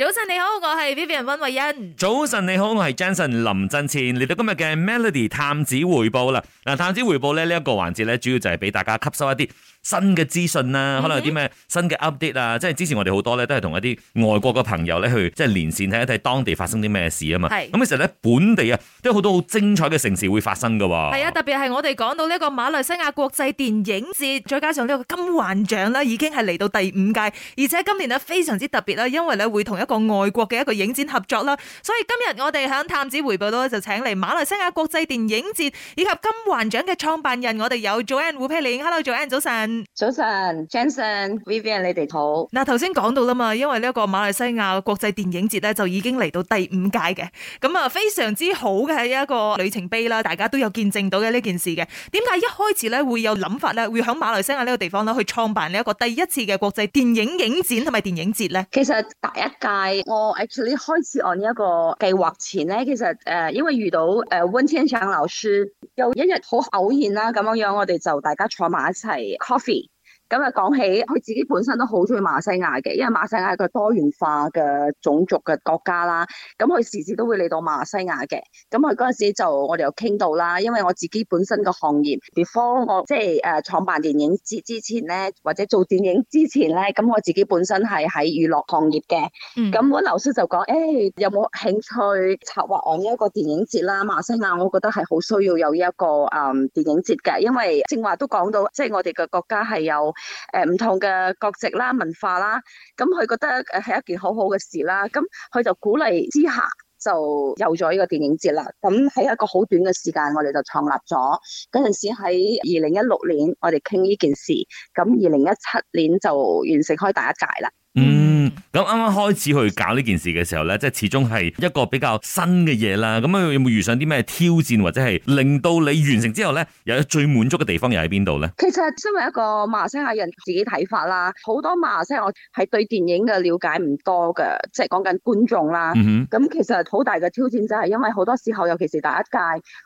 早晨你好，我係 Vivian 溫慧欣。早晨你好，我係 Jason 林振前，嚟到今日嘅 Melody 探子回報啦。嗱、啊，探子回報咧呢一、這個環節咧，主要就係俾大家吸收一啲新嘅資訊啦、啊，mm hmm. 可能有啲咩新嘅 update 啊，即係之前我哋好多咧都係同一啲外國嘅朋友咧去即係連線睇一睇當地發生啲咩事啊嘛。咁是、嗯，其實咧本地啊，都有好多好精彩嘅城市會發生噶、啊。係啊，特別係我哋講到呢個馬來西亞國際電影節，再加上呢個金環獎啦，已經係嚟到第五屆，而且今年呢，非常之特別啦，因為咧會同一。個外國嘅一個影展合作啦，所以今日我哋喺《探子回報》到就請嚟馬來西亞國際電影節以及金環獎嘅創辦人我們，我哋有 Joanne Wu Pei Ling，Hello Joanne，早晨，早晨，Jason，Vivian，你哋好。嗱頭先講到啦嘛，因為呢一個馬來西亞國際電影節咧就已經嚟到第五屆嘅，咁啊非常之好嘅係一個里程碑啦，大家都有見證到嘅呢件事嘅。點解一開始咧會有諗法咧，會喺馬來西亞呢個地方咧去創辦呢一個第一次嘅國際電影影展同埋電影節咧？其實第一屆。係，我 actually 開始按一個計劃前咧，其實誒因為遇到誒温 i n t e r 老師，又一日好偶然啦，咁樣樣我哋就大家坐埋一齊 coffee。咁啊，講起佢自己本身都好中意馬來西亞嘅，因為馬來西亞係一個多元化嘅種族嘅國家啦。咁佢時時都會嚟到馬來西亞嘅。咁佢嗰陣時就我哋又傾到啦，因為我自己本身嘅行業，before 我即係創辦電影節之前咧，或者做電影之前咧，咁我自己本身係喺娛樂行業嘅。咁我劉叔就講誒，有冇興趣策劃我呢一個電影節啦？馬來西亞我覺得係好需要有一個誒電影節嘅，因為正話都講到，即係我哋嘅國家係有。誒，唔同嘅國籍啦、文化啦，咁佢覺得誒係一件好好嘅事啦，咁佢就鼓勵之下就有咗呢個電影節啦。咁喺一個好短嘅時間，我哋就創立咗。嗰陣時喺二零一六年，我哋傾呢件事，咁二零一七年就完成開第一屆啦。嗯。咁啱啱開始去搞呢件事嘅時候呢，即係始終係一個比較新嘅嘢啦。咁啊，有冇遇上啲咩挑戰，或者係令到你完成之後呢，有最滿足嘅地方又喺邊度呢？其實身為一個馬來西亞人自己睇法啦，好多馬來西亞人係對電影嘅了解唔多嘅，即係講緊觀眾啦。咁、嗯、哼其實好大嘅挑戰就係因為好多時候，尤其是第一屆，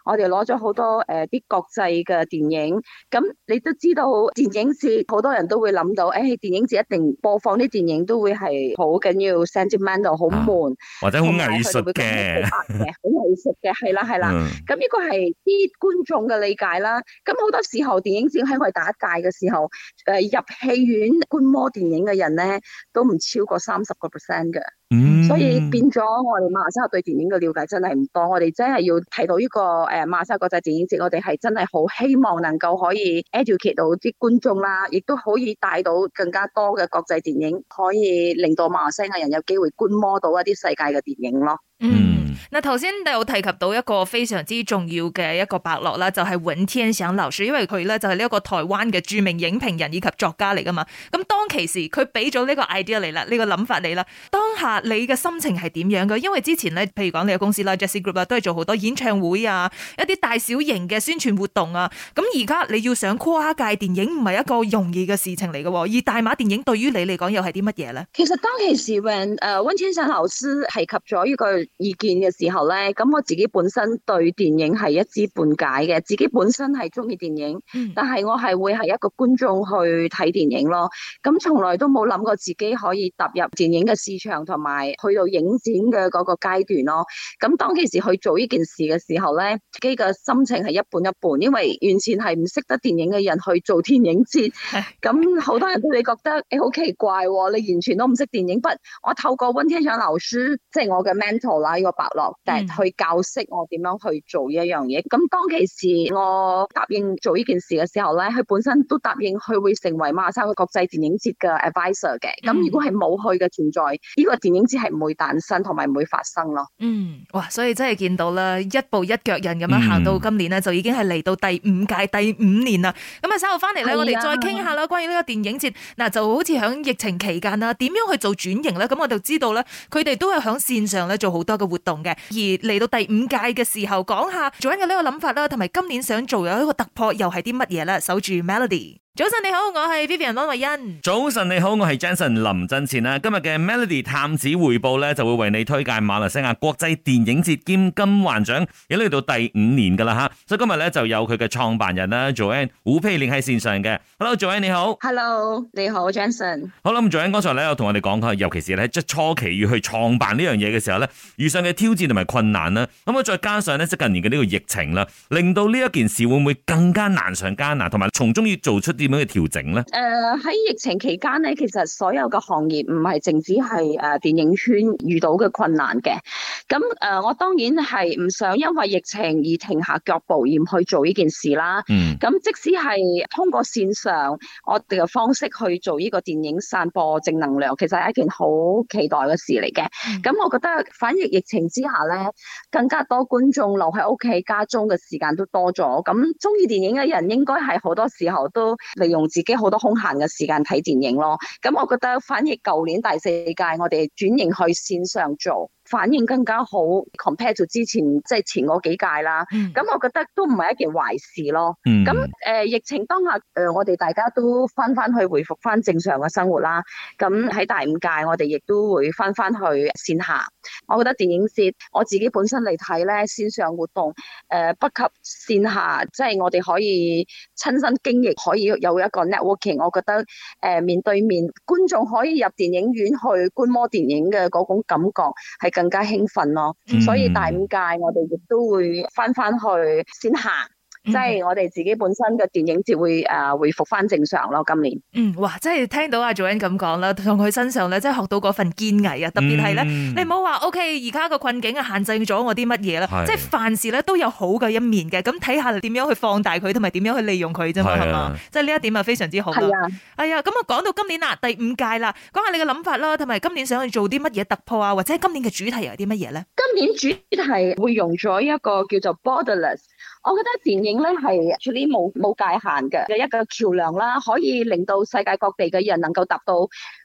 我哋攞咗好多啲國際嘅電影。咁你都知道電影節好多人都會諗到，誒、哎、電影節一定播放啲電影都會係。好緊要 sentimental，好悶、啊，或者好藝術嘅，好 藝術嘅，係啦係啦。咁呢 個係啲觀眾嘅理解啦。咁好多時候，電影展喺我哋第一屆嘅時候，誒入戲院觀摩電影嘅人咧，都唔超過三十個 percent 嘅。 所以變咗我哋馬來西亞對電影嘅了解真係唔多，我哋真係要睇到呢個誒馬來西亞國際電影節，我哋係真係好希望能夠可以 educate 到啲觀眾啦，亦都可以帶到更加多嘅國際電影，可以令到馬來西亞人有機會觀摩到一啲世界嘅電影咯。嗯。嗱，頭先有提及到一個非常之重要嘅一個伯樂啦，就係、是、温天想老師，因為佢咧就係呢一個台灣嘅著名影評人以及作家嚟噶嘛。咁當其時，佢俾咗呢個 idea 嚟啦，呢個諗法嚟啦。當下你嘅心情係點樣嘅？因為之前咧，譬如講你嘅公司啦，Jesse Group 啦，都係做好多演唱會啊，一啲大小型嘅宣傳活動啊。咁而家你要想跨界電影，唔係一個容易嘅事情嚟嘅，而大馬電影對於你嚟講又係啲乜嘢咧？其實當其時，when 誒温天想老師提及咗呢個意見。嘅時候咧，咁我自己本身對電影係一知半解嘅，自己本身係中意電影，但係我係會係一個觀眾去睇電影咯。咁從來都冇諗過自己可以踏入電影嘅市場同埋去到影展嘅嗰個階段咯。咁當其時去做呢件事嘅時候咧，自己嘅心情係一半一半，因為完全係唔識得電影嘅人去做電影節，咁好多人都會覺得誒好、欸、奇怪喎、哦，你完全都唔識電影。不過我透過溫天祥老師即係、就是、我嘅 mentor 啦呢個白落、嗯、去教識我點樣去做一樣嘢。咁當其時我答應做呢件事嘅時候呢，佢本身都答應佢會成為馬來西亞國際電影節嘅 advisor 嘅。咁如果係冇佢嘅存在，呢、呢個電影節係唔會誕生同埋唔會發生咯。嗯，哇！所以真係見到啦，一步一腳印咁樣行到今年呢，就已經係嚟到第五屆、第五年啦。咁啊，稍後翻嚟呢，我哋再傾下啦，關於呢個電影節。嗱、啊，就好似喺疫情期間啦，點樣去做轉型呢？咁我就知道呢，佢哋都係喺線上呢做好多嘅活動。嘅，而嚟到第五屆嘅時候，講下做緊嘅呢個諗法啦，同埋今年想做有一個突破，又係啲乜嘢咧？守住 Melody。早晨你好，我係 Vivian 溫慧欣。早晨你好，我係 Jenson 林振前啦。今日嘅 Melody 探子匯報咧，就會為你推介馬來西亞國際電影節兼金環獎已經嚟到第五年噶啦吓，所以今日咧就有佢嘅創辦人啦，Joanne 吳佩玲喺線上嘅。Hello，Joanne 你好。Hello，你好 Jenson。Johnson、好啦，咁、嗯、Joanne 剛才咧有同我哋講佢，尤其是咧即係初期要去創辦呢樣嘢嘅時候咧，遇上嘅挑戰同埋困難啦。咁啊再加上咧即近年嘅呢個疫情啦，令到呢一件事會唔會更加難上加難，同埋從中要做出啲。點樣去調整咧？誒喺、呃、疫情期間咧，其實所有嘅行業唔係淨止係誒電影圈遇到嘅困難嘅。咁誒，我當然係唔想因為疫情而停下腳步，而唔去做呢件事啦。咁、嗯、即使係通過線上我哋嘅方式去做呢個電影散播正能量，其實係一件好期待嘅事嚟嘅。咁、嗯、我覺得，反而疫情之下咧，更加多觀眾留喺屋企家中嘅時間都多咗。咁中意電影嘅人應該係好多時候都利用自己好多空閒嘅時間睇電影咯。咁我覺得，反而舊年第四屆我哋轉型去線上做。反應更加好，compare 咗之前即係、就是、前嗰幾屆啦。咁我覺得都唔係一件壞事咯。咁、呃、疫情當下、呃、我哋大家都翻翻去回復翻正常嘅生活啦。咁喺第五屆，我哋亦都會翻翻去線下。我覺得電影節我自己本身嚟睇咧，線上活動、呃、不及線下，即、就、係、是、我哋可以親身經歷可以有一個 networking。我覺得、呃、面對面觀眾可以入電影院去觀摩電影嘅嗰種感覺更加興奮咯，所以第五屆我哋亦都會翻返去先行。即係我哋自己本身嘅電影節會誒、呃、回復翻正常咯，今年。嗯，哇！即係聽到阿 Joanne 咁講啦，同佢身上咧，即係學到嗰份堅毅啊！特別係咧，嗯、你唔好話，OK，而家個困境啊，限制咗我啲乜嘢啦。是即係凡事咧都有好嘅一面嘅，咁睇下嚟點樣去放大佢，同埋點樣去利用佢啫嘛，係嘛、啊？即係呢一點係啊，非常之好。係啊！哎呀，咁啊，講到今年啊，第五屆啦，講下你嘅諗法啦，同埋今年想去做啲乜嘢突破啊，或者今年嘅主題係啲乜嘢咧？今年主題會用咗一個叫做 Borderless。我覺得電影咧係 truly 冇冇界限嘅嘅一個橋梁啦，可以令到世界各地嘅人能夠達到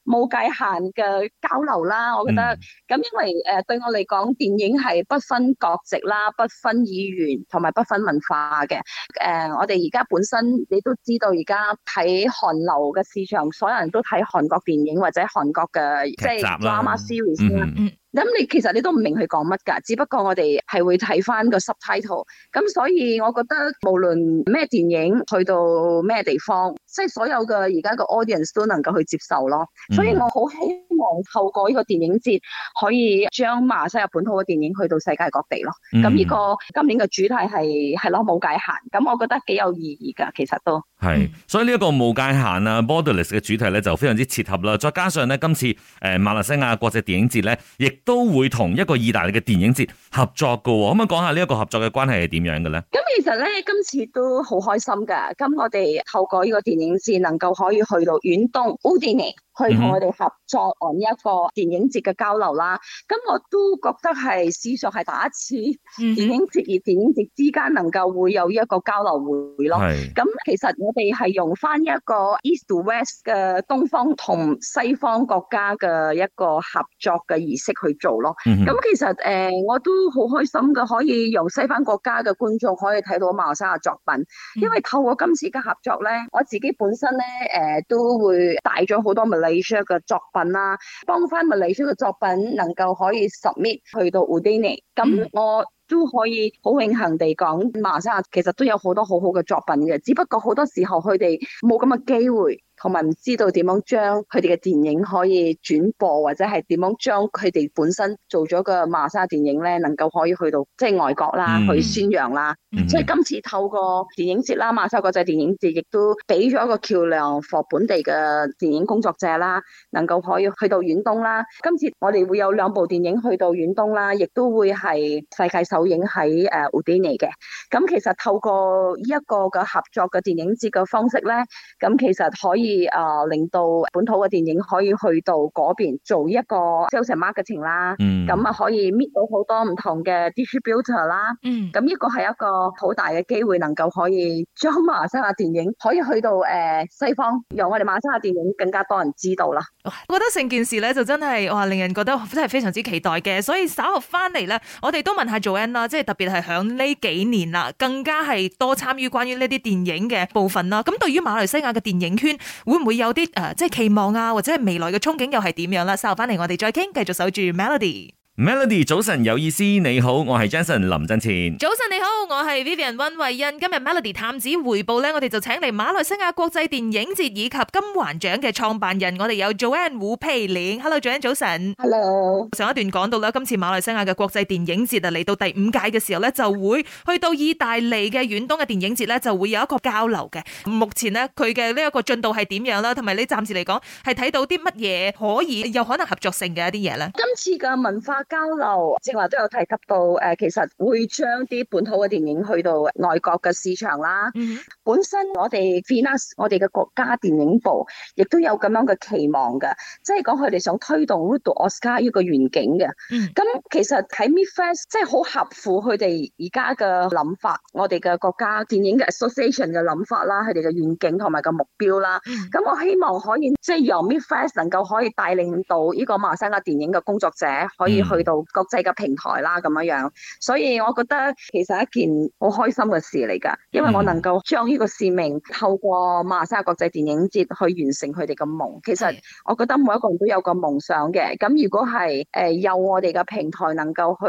冇界限嘅交流啦。我覺得咁，嗯、因為誒對我嚟講，電影係不分國籍啦，不分語言同埋不分文化嘅。誒、呃，我哋而家本身你都知道，而家睇韓流嘅市場，所有人都睇韓國電影或者韓國嘅即係 drama series 啦、啊。咁、嗯、你其實你都唔明佢講乜㗎，只不過我哋係會睇翻個 subtitle。咁所以我覺得無論咩電影，去到咩地方，即係所有嘅而家嘅 audience 都能夠去接受咯，所以我好希望透過呢個電影節可以將馬來西亞本土嘅電影去到世界各地咯。咁而個今年嘅主題係係咯冇界限，咁我覺得幾有意義㗎，其實都係。所以呢一個冇界限啊，Borderless 嘅主題咧就非常之切合啦。再加上咧今次誒馬來西亞嘅國際電影節咧，亦都會同一個意大利嘅電影節合作嘅。哦，可唔可以講下呢一個合作嘅關係係點樣嘅咧？咁其實咧今次都好開心㗎。咁我哋透過呢個電影影視能夠可以去到遠東烏迪尼去同我哋合作按呢、嗯、哼一個電影節嘅交流啦，咁我都覺得係史上係第一次、嗯、哼電影節與電影節之間能夠會有一個交流會咯。咁是其實我哋係用翻一個 East West 嘅東方同西方國家嘅一個合作嘅儀式去做咯。咁、嗯、哼其實誒、呃、我都好開心嘅，可以由西方國家嘅觀眾可以睇到馬來西亞嘅作品，嗯、因為透過今次嘅合作咧，我自己本身咧誒、呃、都會帶咗好多李 s 嘅作品啦、啊，幫翻物理 s 嘅作品能夠可以 submit 去到 Udine，咁我都可以好榮幸地講，馬來西亞其實都有好多好好多好好嘅作品嘅，只不過好多時候佢哋冇咁嘅機會。同埋唔知道點樣將佢哋嘅電影可以轉播，或者係點樣將佢哋本身做咗個馬莎電影咧，能夠可以去到即係外國啦，mm hmm. 去宣揚啦。Mm hmm. 所以今次透過電影節啦，馬莎國際電影節亦都俾咗一個橋梁，幫本地嘅電影工作者啦，能夠可以去到遠東啦。今次我哋會有兩部電影去到遠東啦，亦都會係世界首映喺誒烏甸尼嘅。咁其實透過呢一個嘅合作嘅電影節嘅方式咧，咁其實可以。啲誒令到本土嘅電影可以去到嗰邊做一個 social marketing 啦，咁啊、嗯、可以搣到好多唔同嘅 distributor 啦，咁呢、嗯、個係一個好大嘅機會，能夠可以將馬來西亞電影可以去到誒、呃、西方，讓我哋馬來西亞電影更加多人知道啦。我覺得成件事咧就真係哇令人覺得真係非常之期待嘅，所以稍後翻嚟咧，我哋都問下 Joan 啦，即係特別係響呢幾年啦，更加係多參與關於呢啲電影嘅部分啦。咁對於馬來西亞嘅電影圈。會唔會有啲誒、呃，即係期望啊，或者係未來嘅憧憬又係點樣啦？稍後翻嚟我哋再傾，繼續守住 Melody。Melody 早晨有意思，你好，我係 Jason 林振前。早晨你好，我係 Vivian 溫慧欣。今日 Melody 探子回報咧，我哋就請嚟馬來西亞國際電影節以及金環獎嘅創辦人我，我哋有 Joanne 胡佩蓮。Hello，Joanne 早晨。Hello。上一段講到啦，今次馬來西亞嘅國際電影節就嚟到第五屆嘅時候咧，就會去到意大利嘅遠東嘅電影節咧，就會有一個交流嘅。目前呢，佢嘅呢一個進度係點樣啦？同埋你暫時嚟講係睇到啲乜嘢可以有可能合作性嘅一啲嘢咧？今次嘅文化。交流正話都有提及到，誒、呃，其實會將啲本土嘅電影去到外國嘅市場啦。Mm hmm. 本身我哋 Vinas 我哋嘅國家電影部亦都有咁樣嘅期望嘅，即係講佢哋想推動 Rudolph Oscar 呢個願景嘅。咁、mm hmm. 其實喺 MIFFest 即係好合乎佢哋而家嘅諗法，我哋嘅國家電影嘅 Association 嘅諗法啦，佢哋嘅願景同埋個目標啦。咁、mm hmm. 我希望可以即係、就是、由 MIFFest 能夠可以帶領到呢個馬來西亞電影嘅工作者可以去。去到國際嘅平台啦，咁樣樣。所以我覺得其實是一件好開心嘅事嚟噶，因為我能夠將呢個使命透過馬來西亞國際電影節去完成佢哋嘅夢。其實我覺得每一個人都有個夢想嘅，咁如果係誒有我哋嘅平台能夠去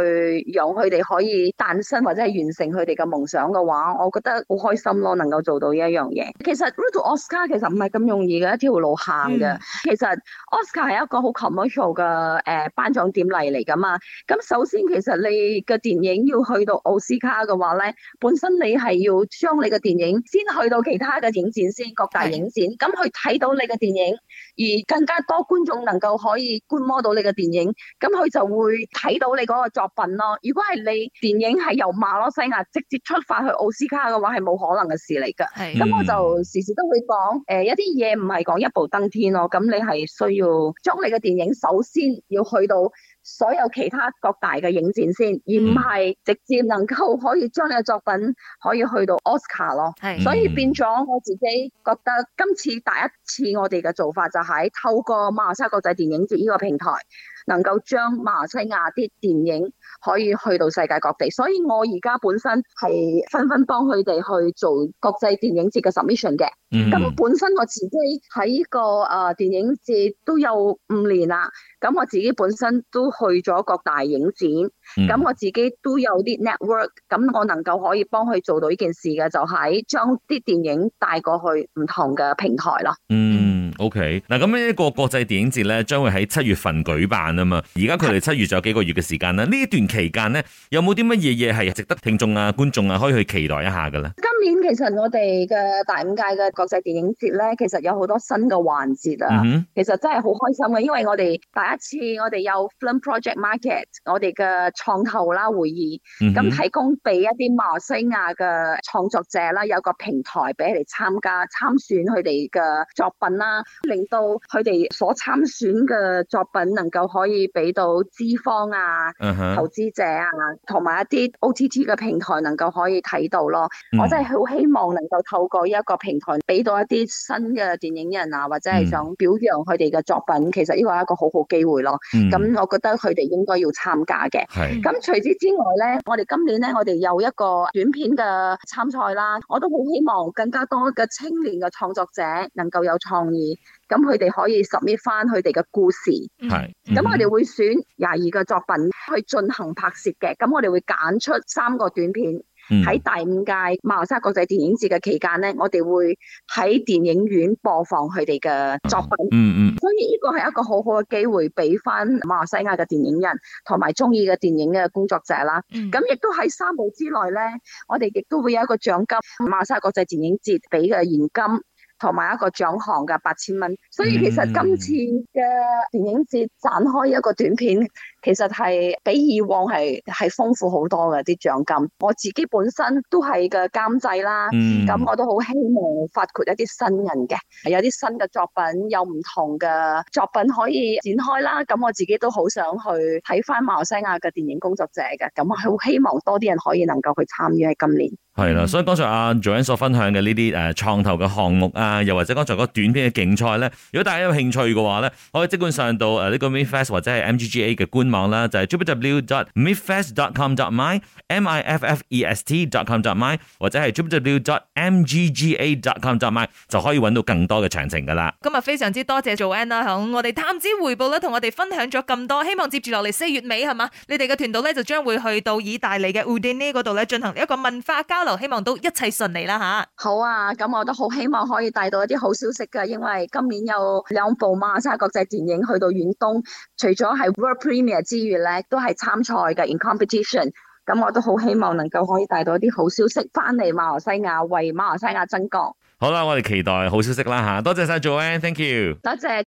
讓佢哋可以誕生或者係完成佢哋嘅夢想嘅話，我覺得好開心咯，能夠做到呢一樣嘢。其實 Road to Oscar 其實唔係咁容易嘅一條路行嘅，其實 Oscar 係一個好 commercial 嘅誒頒獎典禮嚟㗎。咁首先其實你嘅電影要去到奧斯卡嘅話呢，本身你係要將你嘅電影先去到其他嘅影展先，各大影展，咁去睇到你嘅電影，而更加多觀眾能夠可以觀摩到你嘅電影，咁佢就會睇到你嗰個作品咯。如果係你電影係由馬來西亞直接出發去奧斯卡嘅話，係冇可能嘅事嚟嘅。咁是我就時時都會講，誒、呃、一啲嘢唔係講一步登天咯。咁你係需要將你嘅電影首先要去到，所有其他各大嘅影展先，而唔係直接能夠可以將你嘅作品可以去到奧斯卡咯。係，mm-hmm. 所以變咗我自己覺得今次第一次我哋嘅做法就係透過馬來西亞國際電影節呢個平台，能夠將馬來西亞啲電影可以去到世界各地，所以我而家本身係紛紛幫佢哋去做國際電影節嘅 submission 嘅、mm。咁、hmm. 我本身我自己喺個啊電影節都有五年啦，咁我自己本身都去咗各大影展，咁我自己都有啲 network，咁我能夠可以幫佢做到呢件事嘅就係將啲電影帶過去唔同嘅平台咯、mm。嗯、hmm.。O.K. 嗱，咁呢一個國際電影節咧，將會喺七月份舉辦啊嘛。而家佢哋七月仲有幾個月嘅時間咧。呢是一段期間呢，有冇啲乜嘢嘢係值得聽眾啊、觀眾啊，可以去期待一下嘅咧？今年其實我哋嘅第五屆嘅國際電影節咧，其實有好多新嘅環節啊。Mm hmm. 其實真係好開心嘅，因為我哋第一次我哋有 Film Project Market，我哋嘅創投啦會議，咁、mm hmm. 提供俾一啲馬來西亞嘅創作者啦，有個平台俾佢哋參加參選佢哋嘅作品啦。令到佢哋所參選嘅作品能夠可以俾到資方啊、uh huh. 投資者啊，同埋一啲 OTT 嘅平台能夠可以睇到咯。Mm hmm. 我真係好希望能夠透過一個平台俾到一啲新嘅電影人啊，或者係想表揚佢哋嘅作品，mm hmm. 其實呢個係一個好好機會咯。咁、mm hmm. 我覺得佢哋應該要參加嘅。咁、mm hmm. 除此之外咧，我哋今年咧，我哋有一個短片嘅參賽啦，我都好希望更加多嘅青年嘅創作者能夠有創意。咁佢哋可以 submit 翻佢哋嘅故事，係、mm。咁我哋會選廿二個作品去進行拍攝嘅，咁我哋會揀出三個短片，喺、mm hmm. 第五屆馬來西亞國際電影節嘅期間咧，我哋會喺電影院播放佢哋嘅作品。嗯嗯、mm。Hmm. 所以呢個係一個好好嘅機會，俾翻馬來西亞嘅電影人同埋中意嘅電影嘅工作者啦。咁亦、mm hmm. 都喺三步之內咧，我哋亦都會有一個獎金，馬來西亞國際電影節俾嘅現金。同埋一個獎項嘅八千蚊，所以其實今次嘅電影節展開一個短片。其實係比以往係係豐富好多嘅啲獎金，我自己本身都係嘅監製啦，咁、嗯、我都好希望發掘一啲新人嘅，有啲新嘅作品，有唔同嘅作品可以展開啦。咁我自己都好想去睇翻馬來西亞嘅電影工作者嘅，咁我好希望多啲人可以能夠去參與喺今年。係啦，所以剛才阿、啊、Joey 所分享嘅呢啲誒創投嘅項目啊，又或者剛才嗰短片嘅競賽咧，如果大家有興趣嘅話咧，可以即管上到誒呢個 MIFFest 或者係 MGGA 嘅官。忙啦，就係 www.miffest.com.my、m i f f e s t .com .my，或者係 www.mgga .com .my，就可以揾到更多嘅詳情噶啦。今日非常之多謝 Joanne 啦，我哋探子回報咧，同我哋分享咗咁多，希望接住落嚟四月尾係咪？你哋嘅團隊咧就將會去到意大利嘅 Udine 嗰度咧進行一個文化交流，希望都一切順利啦嚇。好啊，咁我都好希望可以帶到一啲好消息噶，因為今年有兩部馬拉莎國際電影去到遠東，除咗係 World Premiere。之餘咧，都係參賽嘅 in competition，咁我都好希望能夠可以帶到一啲好消息翻嚟馬來西亞，為馬來西亞增光。好啦，我哋期待好消息啦嚇！多謝晒 Joanne，thank you，多謝。